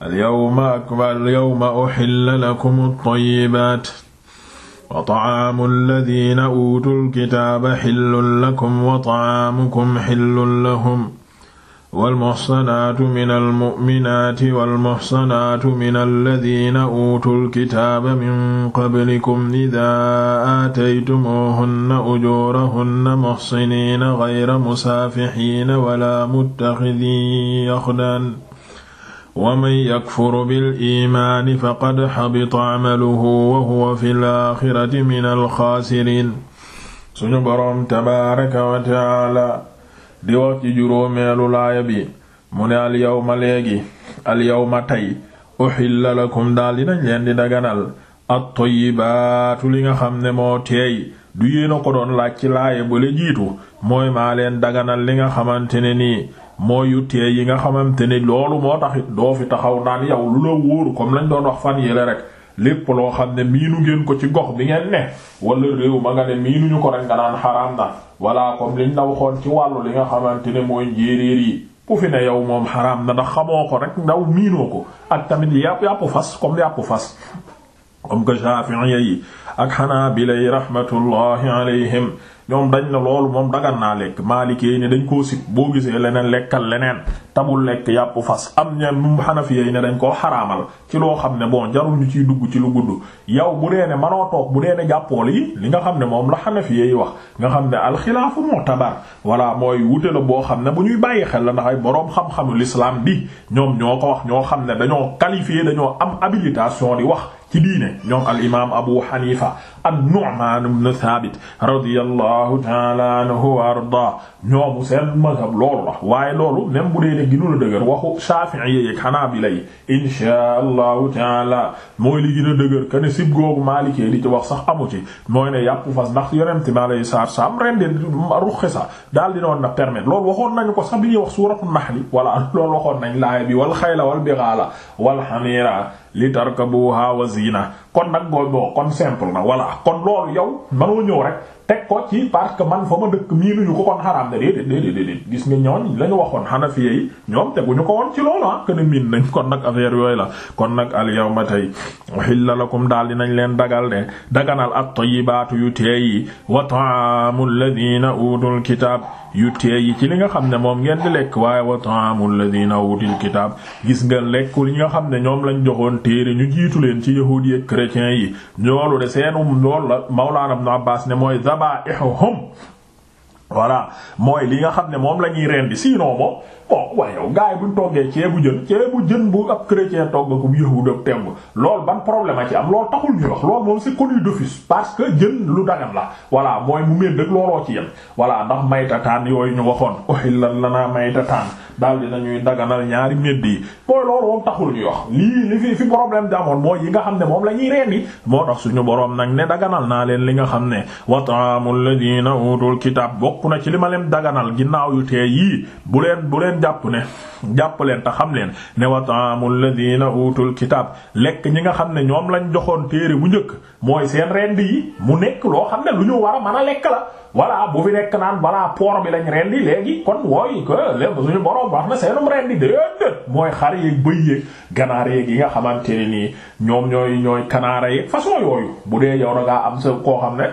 alyawma akmal alyawma uhilla lakum at-tayyibaat wa ta'aamu alladhiina uutul kitaaba hillun lakum wa ta'aamukum hillun lahum walmuhsanaatu min almu'minaati walmuhsanaatu min alladhiina uutul kitaaba min qablikum idaa aataytumuuhunna ujuurahunna muhsiniina ghayra musaafihiina walaa muttakhidhii akhdaan wa man yakfur bil faqad xabita amaluhu wa huwa fil aaxirati minal suñu boroom tabaaraka wa di wax juróomeelu laaya bi mu ne al yawma léegi al yawma leen di daganal at li nga xam ne moo teey ko doon laaj ci laaya jiitu mooy maa daganal li nga xamante ne mooy yu yi nga xamante ni loolu moo tax doo fi taxaw naan yow lu loo wóoru comme lañ doon wax fan yële rek lépp loo xam ne miinu ngeen ko ci gox bi ngeen ne wala réew ma nga ne miinuñu ko rek nga naan xaraam na walla comme liñ la waxoon ci wàllu li nga xamante ne mooy njéeréer yi fi ne yow moom xaraam na ndax xamoo ko rek ndaw miinoo ko ak tamit yàpp yàpp fas comme yàpp fas comme que Shafi'i yi ak Hanabila yi rahmatullahi alayhim ñoom dañ na loolu moom dagan naa lekk maalikee ne dañ koo sib boo gisee leneen lekkal leneen tamul lekk yàpp fas am ñeen mu xanafiya yi ne dañ koo xaraamal ci loo xam ne boo jarul ñu ciy dugg ci lu gudd yow bu dee ne manoo toog bu dee ne jàppool yi li nga xam ne moom la xanafiya yi wax nga xam ne alxilaafu mu'tabar walla mooy wute la boo xam ne bu ñuy bàyyi xel la ndax ay boroom xam-xamu l'islam bi ñoom ñoo ko wax ñoo xam ne dañoo qualifié dañoo am habilitation di wax ci diine ñoom al imaam Abu Hanifa an-Nu'man ibn Thabit radiyallahu ta'ala anhu wa arda ñoomu seen mazhab loolu la waaye loolu même bu dee ne gënu la dëgër waxu Shafi'i yeeg Hanabila yi insha allahu taala mooy li gën a dëgër que ne sib googu li ci wax sax amu ci mooy ne yàpp fas ndax yonent mi alayhi salaatu salaam ren de ruxsa daal di doon na permettre loolu waxoon nañu ko sax bi ñuy wax suuratul Nahl wala loolu waxoon nañ laaya bi wal xayla wal bighala wal hamira li tarkabuha wa zina kon nag booy boo kon simple na voilà kon loolu yow manoo ñëw rek teg ko ci parce que man fa ma dëkk miinuñu ko kon xaraam na déedéet déedéet déedéet gis nga ñooñ la ñu waxoon xanafiye yi ñoom teguñu ko woon ci loolu ah que ne miin nañ kon nag affaire yooyu la kon nag al yawma tey uhilla lakum daal dinañ leen dagal de daganal at-tayyibatu yu teey yi wa ta'amu alladhina utul kitab yu teey yi ci li nga xam ne moom ngeen di lekk waaye wa ta'amu alladhina utul kitab gis nga lekk li nga xam ne ñoom lañ joxoon téere ñu jiitu leen ci yahuudi chrétiens yi loolu de seenum loolu la Mawlana Ibn Abbas ne mooy zabaihum voilà mooy li nga xam ne moom la ñuy rendi sinon moom bon waaye yow gars yi buñ toggee ceebu jën ceebu jën bu ab chrétien togg ko bu yëfu daf temb loolu ban problème ci am loolu taxul ñuy wax loolu moom c'est connu d'office parce que jën lu dagan la voilà mooy mu mel rek looloo ci yem voilà ndax maytataan yooyu ñu waxoon uhillan lanaa maytataan daal di nañuy daganal ñaari médd yi mooy loolu moom taxul ñuy wax lii li fi fi problème di amoon mooy yi nga xam ne moom la ñuy rendi moo tax suñu boroom nag ne daganal naa leen li nga xam ne wa ta'amul ladina utul kitab bokk na ci li ma leen daganal ginnaaw yu tee yii ngeen jàpp ne jàpp leen te xam leen ne wa ta'amul ladina utul kitab lekk ñi nga xam ne ñoom lañ joxoon téere bu njëkk mooy seen rend yi mu nekk loo xam ne lu ñu war a a lekk la voilà bu fi nekk naan balaa poor bi lañ rendi léegi kon wooy que lépp suñu borom wax na seenum rendi déedéet mooy xar yeeg bëy yeeg ganaar yeeg yi nga xamante ne nii ñoom ñooy ñooy kanaara yeeg façon yooyu bu dee yow ngaa am sa koo xam ne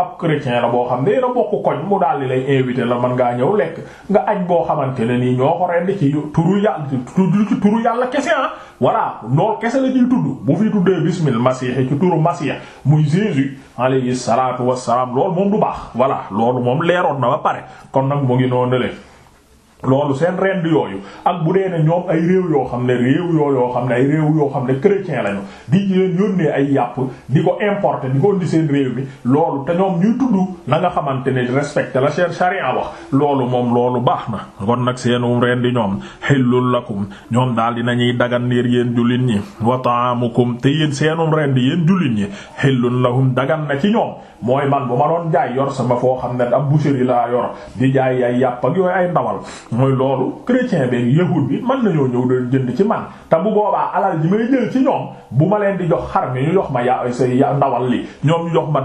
ab chrétien la boo xam ne na bokk koñ mu daal di lay invité la man ngaa ñëw lekk nga añ boo xamante ne nii ñoo ko rend ci turu yàlla ci turu yàlla kese ah voilà kese la ciy tudd bu fi tuddee bismil masiixi ci turu masiix muy Jésus alayhi salaatu wassalaam loolu moom du baax voilà loolu moom leeroon na ba pare kon nag mu ngi noonu le loolu seen rend yooyu ak bu dee ne ñoom ay réew yoo xam ne réew yoo yoo xam ne ay réew yoo xam ne chrétien lañu di leen yónnee ay yàpp di ko importer di ko indi seen réew mi loolu te ñoom ñuy tudd la nga xamante ne respecté la seen sarian wax loolu moom loolu baax na kon nag seenum rendi ñoom xillul lakum ñoom daal dinañuy dagan niir yéen jullit ñi wa ta'amukum te yéen seenum rendi yéen jullit ñi xillul lahum dagan na ci ñoom mooy man bu ma doon jaay yor sama foo xam ne ab boucherie laa yor di ay yàpp ak yooyu ay ndawal mooy loolu chrétien bi yahud bi mën nañoo ñëw doon jënd ci man te bu boobaa alal ji may jël ci ñoom bu ma leen di jox xar mi ñu jox ma ya say ya ndawal li ñoom ñu jox ma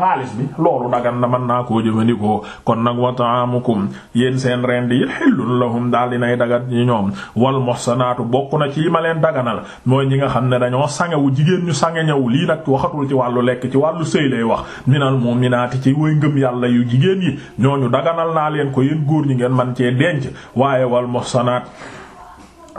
xaalis bi loolu dagan na mën naa ko jëfandikoo kon nag wa ta'amukum yéen seen rend yi xillul lahum daal dinay dagat ñi ñoom wal muhsanaatu bokk na ci yi ma leen daganal mooy ñi nga xam ne dañoo sangewu jigéen ñu sange ñëw lii nag waxatul ci wàllu lekk ci wàllu sëy lay wax minal mu'minaati ci way ngëm yàlla yu jigéen yi ñooñu daganal naa leen ko yéen góor ñi ngeen man cee denc waaye wal muhsanaat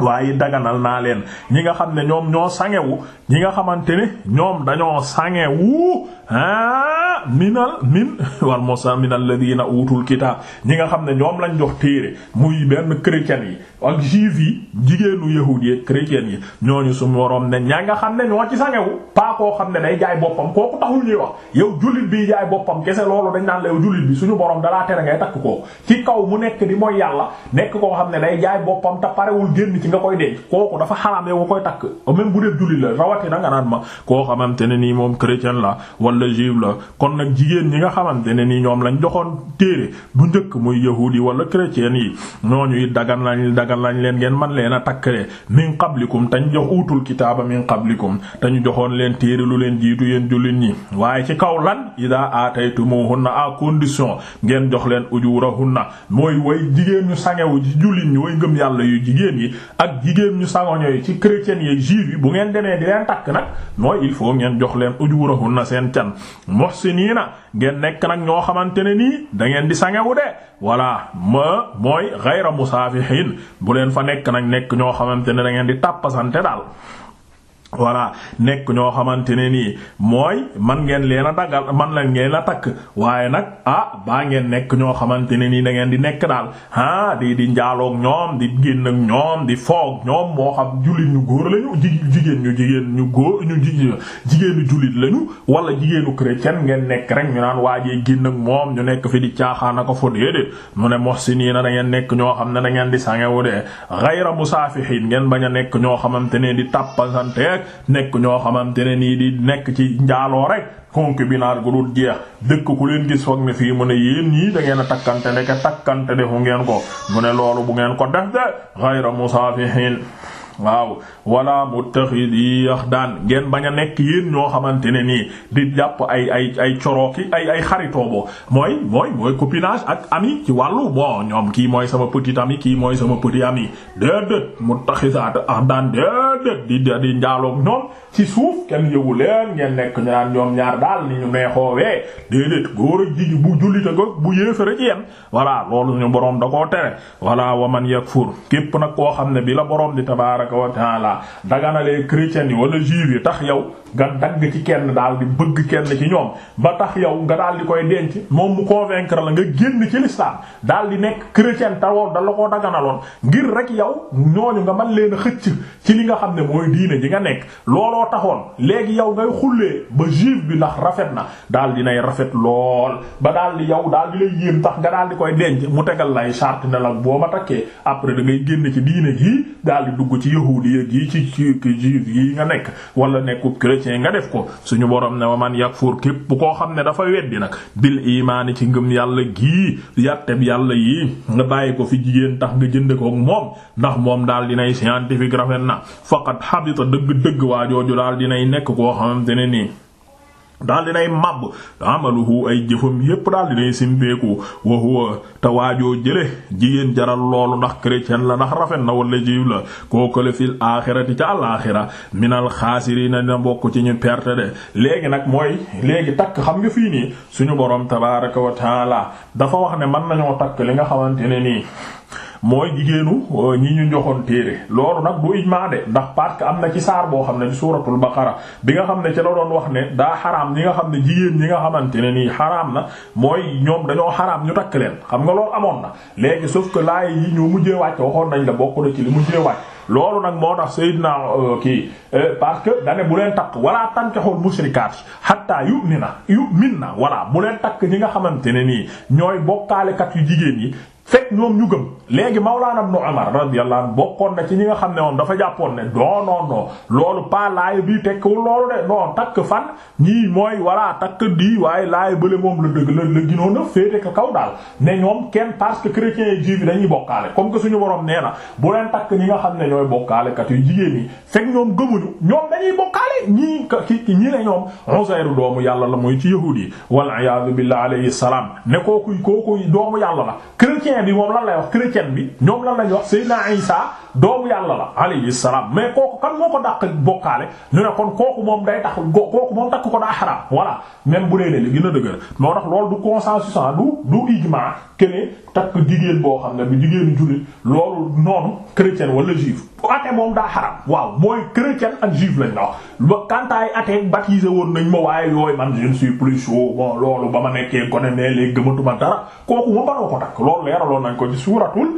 waaye daganal naa leen ñi nga xam ne ñoom ñoo sangewu ñi nga xamante ne ñoom dañoo sangewu ah minal min wal mosa minal ladina utul kitab ñi nga xam ne ñoom lañ jox téere muy benn chrétien yi ak juif yi jigéenu yahud yi chrétien yi ñooñu suñu waroom ne ña nga xam ne ñoo ci sangewu pas koo xam ne day jaay boppam kooku taxul ñuy wax yow jullit bi jaay boppam kese loolu dañ naan la yow jullit bi suñu borom dalaa tere ngay takk koo ci kaw mu nga koy denc kooku dafa xaraam yow nga koy takk même bu dee julli la rawati na nga naan ma koo xamante ne nii moom chrétien la wala juif la kon nag jigéen ñi nga xamante ne nii ñoom lañ joxoon téere bu njëkk muy yahuud yi wala chrétien yi ñooñu it dagan lañ dagan lañ leen ngeen man leen a takk takkale min qablikum tañ jox utul kitaaba min qablikum tañu joxoon leen téere lu leen jiitu yéen jullit ñi waaye ci kaw lan ida aataytumuhunna à condition ngeen jox leen ujurahunna mooy way jigéen ñu sangewu ci jullit ñi way ngëm yàlla yu jigéen yi ak jigéen ñu sangoño yi ci chrétiens yi juifs yi bu ngeen demee di leen takk nag mooy il faut ngeen jox leen ujurahun na seen can muhsinina ngeen nekk nag ñoo xamante ne nii da ngeen di sangewu de voilà ma mooy ghayra musafihin bu leen fa nekk nag nekk ñoo xamante ne da ngeen di tàppasante daal voilà nekk ñoo xamante ne nii mooy man ngeen leen a daggal man la ngeen a takk waaye nag ah baa ngeen nekk ñoo xamante ne nii da ngeen di nekk daal ah di di njaaloog ñoom di génn ak ñoom di foog ñoom moo xam jullit ñu góor lañu jigéen ñu jigéen ñu góor ñu jigéenu jullit lañu wala jigéenu chrétien ngeen nekk rek ñu naan waajee génn ak moom ñu nekk fi di caaxaan ak fo déedéet mu ne mox si nii na ngeen nekk ñoo xam ne da ngeen di sangewu de ghayra musaafihiin ngeen nekk ñoo xamante ne di tàppasante nekk ñoo xamante ne nii di nekk ci njaaloo rek concubinage gu dul jeex dëkk ku leen gis foog ne fii mu ne yéen ñii da ngeen a takkante ndeke takkante defu ngeen ko mu ne loolu bu ngeen ko def de ghayra musafihin waaw wala muttaxidi axdaan ngeen bañ a nekk yéen ñoo xamante ne nii di jàpp ay ay ay corooki ay ay xaritoo bo mooy mooy mooy copinage ak ami ci wàllu bon ñoom kii mooy sama petit ami kii mooy sama petit ami déedéet muttaxisaat axdaan déedéet di di njaaloog ñoom ci suuf kenn yëgu leen ngeen nekk ñu ñoom ñaar daal ni ñu neexoowee déedéet góor ak jigi bu jullit ak bu yéefara ci yem voilà loolu ñu boroom da koo tere voilà waman yakfur képp nag koo xam ne bi la tabaraka la taala daganalee chrétiens yi wala juifs yi tax yow nga dagg ci kenn daal di bëgg kenn ci ñoom ba tax yow nga daal di koy denc moom mu convaincre la nga génn ci l'islam daal di nekk chrétien tawoo da la koo daganaloon ngir rek yow ñooñu nga mën leen a xëcc ci li nga xam ne mooy diine di nga nekk looloo taxoon léegi yow ngay xullee ba juif bi ndax rafet na daal di nay rafet lool ba daal di yow daal di lay yéem tax nga daal di koy denc mu tegal lay charte ne la boo ma takkee après da ngay génn ci diine gi daal di dugg ci yahuudi yi ci ci juif yi nga nekk wala nekkub cee nga def ko suñu borom ne wa man yakfur képp bu koo xam ne dafa weddi nag bil imaani ci ngëm yàlla gii yàtteb yàlla yi nga bàyyi ko fi jigéen tax nga jënd ko moom ndax moom daal dinay scientifique rafet na faqat habita dëgg-dëgg waa waajooju daal dinay nekk koo xamante ne nii daal di nay màbb amaluhu ay jëfam yépp daal di nay simbeeku wa huwa te waajoo jële jigéen jaral loolu ndax chrétien la ndax rafet na wala jiw la kookale fil axirati ca àlaxira minal xaasirina dina mbokku ci ñu perte de léegi nag mooy léegi takk xam nga fii nii suñu borom tabaraka wa taala dafa wax ne mën nañoo takk li nga xamante ne nii mooy jigéenu euh, ñi ñu joxoon téere loolu nag du ijmaa de ndax parce am na ci saar boo xam ne suuratul baqara bi nga xam ne ci la doon wax ne daa xaraam ñi nga xam ne jigéen ñi nga xamante ne nii xaraam na mooy ñoom dañoo xaraam ñu takk leen xam nga loolu amoon na léegi sauf que laay yi ñu mujjee wàcc waxoon nañ la bokk na ci li mujjee wàcc loolu nag moo tax Seydina euh, kii euh, parce que dane bu leen takk wala tankihul mushrikaat hatta yu'mina yu'minna wala bu leen takk ñi nga xamante ne nii ñooy bokkaalekat yu jigéen yi fekk ñoom ñu gëm léegi Mawlana Ibn Umar radiyallahu anhu bokkoon na ci ñi nga xam ne woon dafa jàppoon ne non non non loolu pas laay bii tekkiwul loolu de non takk fan ñii mooy walla takk di waaye laay bële moom la dëgg la la ginoon na féete ka kaw daal ne ñoom kenn parce que chrétiens yi juif yi dañuy bokkaale comme que suñu borom nee na bu leen takk ñi nga xam ne ñooy bokkaale kat yu jigéen ñi fekk ñoom gëmuñu ñoom dañuy bokkaale ñii ki ñii ne ñoom doomu yàlla la mooy ci yahuudi yi wal iyaadu billahi alayhi salaam ne kooku kooku doomu chrétien bi moom lan lay wax chrétien bi doomu yàlla la alayhi salaam mais kooku kan moo ko dàq bokkaale ñu ne kon kooku moom day tax kooku moom takk ko daa xaraam voilà même bu dee ne li gën a dëgër moo tax loolu du consensus ah, du du ijmaa kene takk jigéen boo xam ne bi jigéenu jullit loolu noonu chrétien wala juif bu ate moom daa xaram waaw mooy chrétien ak juif lañ la wax ba kantaay ate baptisé woon nañ ma waaye yooyu man je ne suis plus chaud bon loolu ba ma nekkee léegi gëmatuma dara kooku ma banoo ko takk loolu leeraloon nañ ko ci suuratul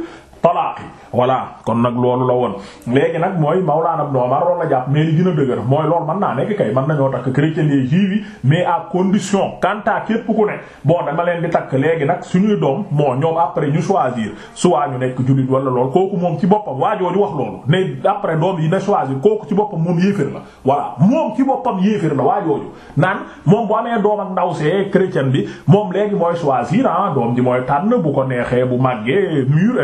talaaq voilà kon nag loolu la woon léegi nag mooy Mawlaana Ibn Umar loolu la jàpp mais li gën a dëgër mooy lool man naa nekk kay mën nañoo takk chrétien yi juif yi mais à condition quant à képp ku ne boo dama leen di takk léegi nag suñuy doom moo ñoom après ñu choisir soit ñu nekk jullit wala lool kooku moom ci boppam waajoo di wax loolu ne après doom yi na choisir kooku ci boppam moom yéefér la voilà moom ci boppam yéefér la waajooju naan moom bu amee doom ak ndaw see chrétien bi moom léegi mooy choisir ah doom ji mooy tànn ko neexee bu màggee mûr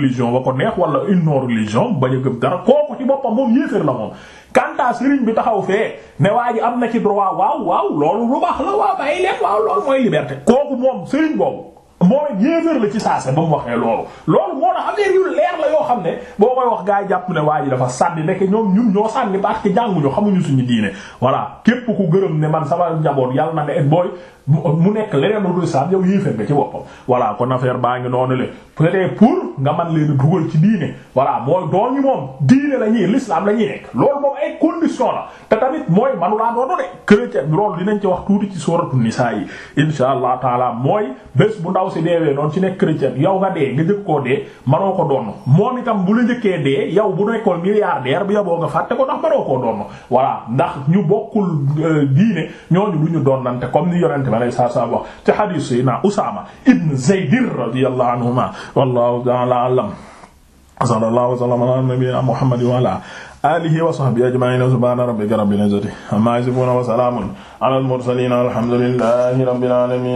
religion ba ko neex wala une non religion bañ a gëm dara kooku ci boppam moom yéeféer la moom kanta sëriñ bi taxaw fee ne waa ji am na ci droit waaw waaw loolu lu baax la waaw bàyyi leen waaw loolu mooy liberté kooku moom sëriñ boobu mooy yéeféer la ci saase ba mu waxee loolu loolu moo tax affaire yu leer la yoo xam ne boo koy wax gaa yi jàpp ne waa ji dafa sànni nekk ñoom ñun ñoo sànni parce que jànguñu xamuñu suñu diine voilà képp ku gërëm ne man sama njaboot yàlla na nga et booy mu nekk leneen lu dul sànni yow yéeféer nga ci boppam voilà kon affaire baa ngi noonu le peut-être pour nga man leen dugal ci diine voilà mooy doon ñi moom diine la ñuy l'islam la ñuy nekk loolu moom ay condition la te tamit mooy manulaa doonu dinañ ci wax tuuti ci sooratu nisaa yi insha allah taala mooy bu ndaw ndaw si deewee noonu ci nekk chrétien yow nga dee nga jëkk koo dee manoo ko doon moom itam bu la njëkkee dee yow bu nekkoon milliardaire bi yoboo nga fàtte ko ndax manoo koo doon voilà ndax ñu bokkul euh, diine ñooñu du ñu doonante comme ni yonente bi sa salaam wax ci hadith sayna Usaama ibn Zayd radiyallahu anhuma wallahu ta'ala a'lam sallallahu wasallam ala nabiyyina Muhammad wa ala alihi wa sahbihi ajma'in a rabbika rabbil izzati amma yasifun wa salamun ala al mursalin alhamdulillahi rabbil alamin